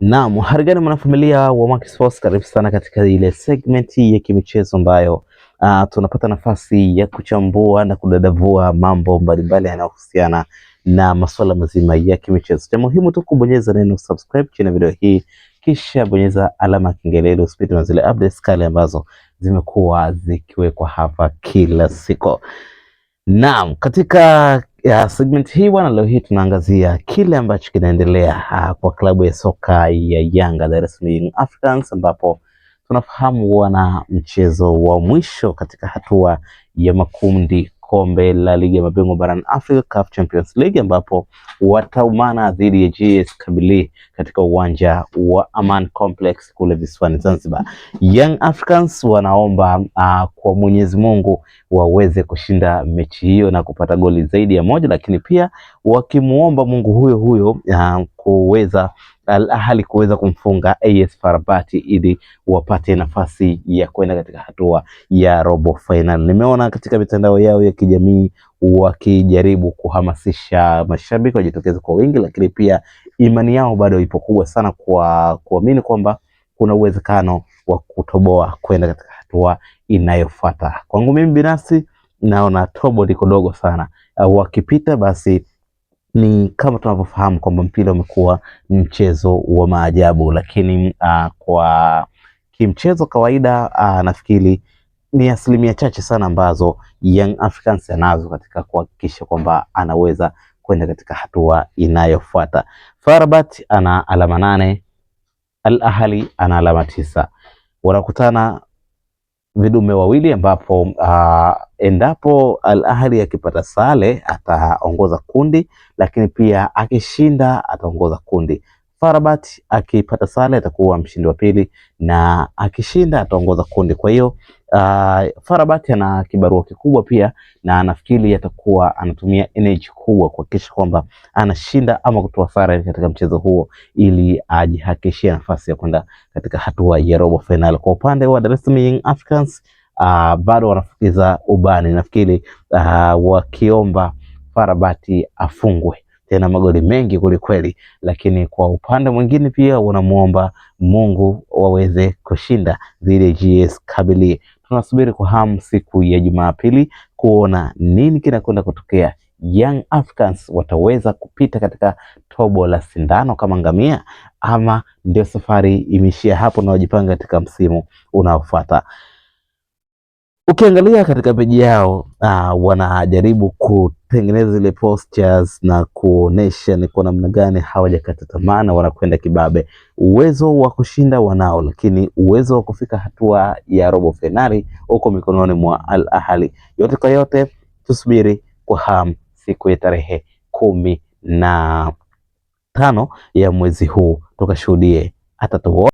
Naam, harigani mwanafamilia wa Max Sports, karibu sana katika ile segmenti ya kimichezo ambayo uh, tunapata nafasi ya kuchambua na kudadavua mambo mbalimbali yanayohusiana na masuala mazima ya kimichezo. Cha muhimu tu kubonyeza neno subscribe chini ya video hii, kisha bonyeza alama ya kengele ili na zile updates kali ambazo zimekuwa zikiwekwa hapa kila siku. Naam, katika ya segment hii bwana, leo hii tunaangazia kile ambacho kinaendelea ah, kwa klabu ya soka ya Yanga Dar es Salaam Africans, ambapo tunafahamu wana mchezo wa mwisho katika hatua ya makundi kombe la ligi ya mabingwa barani Afrika CAF Champions League ambapo wataumana dhidi ya JS Kabylie katika uwanja wa Aman Complex kule visiwani Zanzibar. Young Africans wanaomba uh, kwa Mwenyezi Mungu waweze kushinda mechi hiyo na kupata goli zaidi ya moja, lakini pia wakimwomba Mungu huyo huyo uh, kuweza Al kuweza kumfunga AS FAR Rabat ili wapate nafasi ya kwenda katika hatua ya robo final. Nimeona katika mitandao yao ya kijamii wakijaribu kuhamasisha mashabiki wajitokeze kwa wingi, lakini pia imani yao bado ipo kubwa sana kwa kuamini kwamba kuna uwezekano wa kutoboa kwenda katika hatua inayofuata. Kwangu mimi binafsi naona tobo liko dogo sana, wakipita basi ni kama tunavyofahamu kwamba mpira umekuwa mchezo wa maajabu, lakini uh, kwa kimchezo kawaida uh, nafikiri ni asilimia chache sana ambazo Young Africans anazo katika kuhakikisha kwamba anaweza kwenda katika hatua inayofuata. Farabat ana alama nane, Al Ahli ana alama tisa. Wanakutana vidume wawili ambapo uh, endapo Al Ahli akipata sare ataongoza kundi, lakini pia akishinda ataongoza kundi. Farabat akipata sare atakuwa mshindi wa pili na akishinda ataongoza kundi. Kwa hiyo uh, Farabat ana kibarua kikubwa pia, na nafikiri atakuwa anatumia energy kubwa kuhakikisha kwamba anashinda ama kutoa sare katika mchezo huo ili ajihakikishie nafasi ya kwenda katika hatua ya robo fainali. Kwa upande wa Dar es Salaam Young Africans uh, bado wanafukiza ubani, nafikiri uh, wakiomba Farabati afungwe tena magoli mengi kwelikweli, lakini kwa upande mwingine pia wanamuomba Mungu waweze kushinda dhidi ya GS Kabylie. Tunasubiri kwa hamu siku ya Jumapili kuona nini kinakwenda kutokea. Young Africans wataweza kupita katika tobo la sindano kama ngamia, ama ndio safari imeishia hapo na wajipanga katika msimu unaofuata. Ukiangalia katika peji yao uh, wanajaribu kutengeneza zile postures na kuonesha ni kwa namna gani hawajakata tamaa na wanakwenda kibabe. Uwezo wa kushinda wanao, lakini uwezo wa kufika hatua ya robo fainali huko mikononi mwa Al Ahly. Yote kwa yote, tusubiri kwa hamu siku ya tarehe kumi na tano ya mwezi huu tukashuhudie atatoa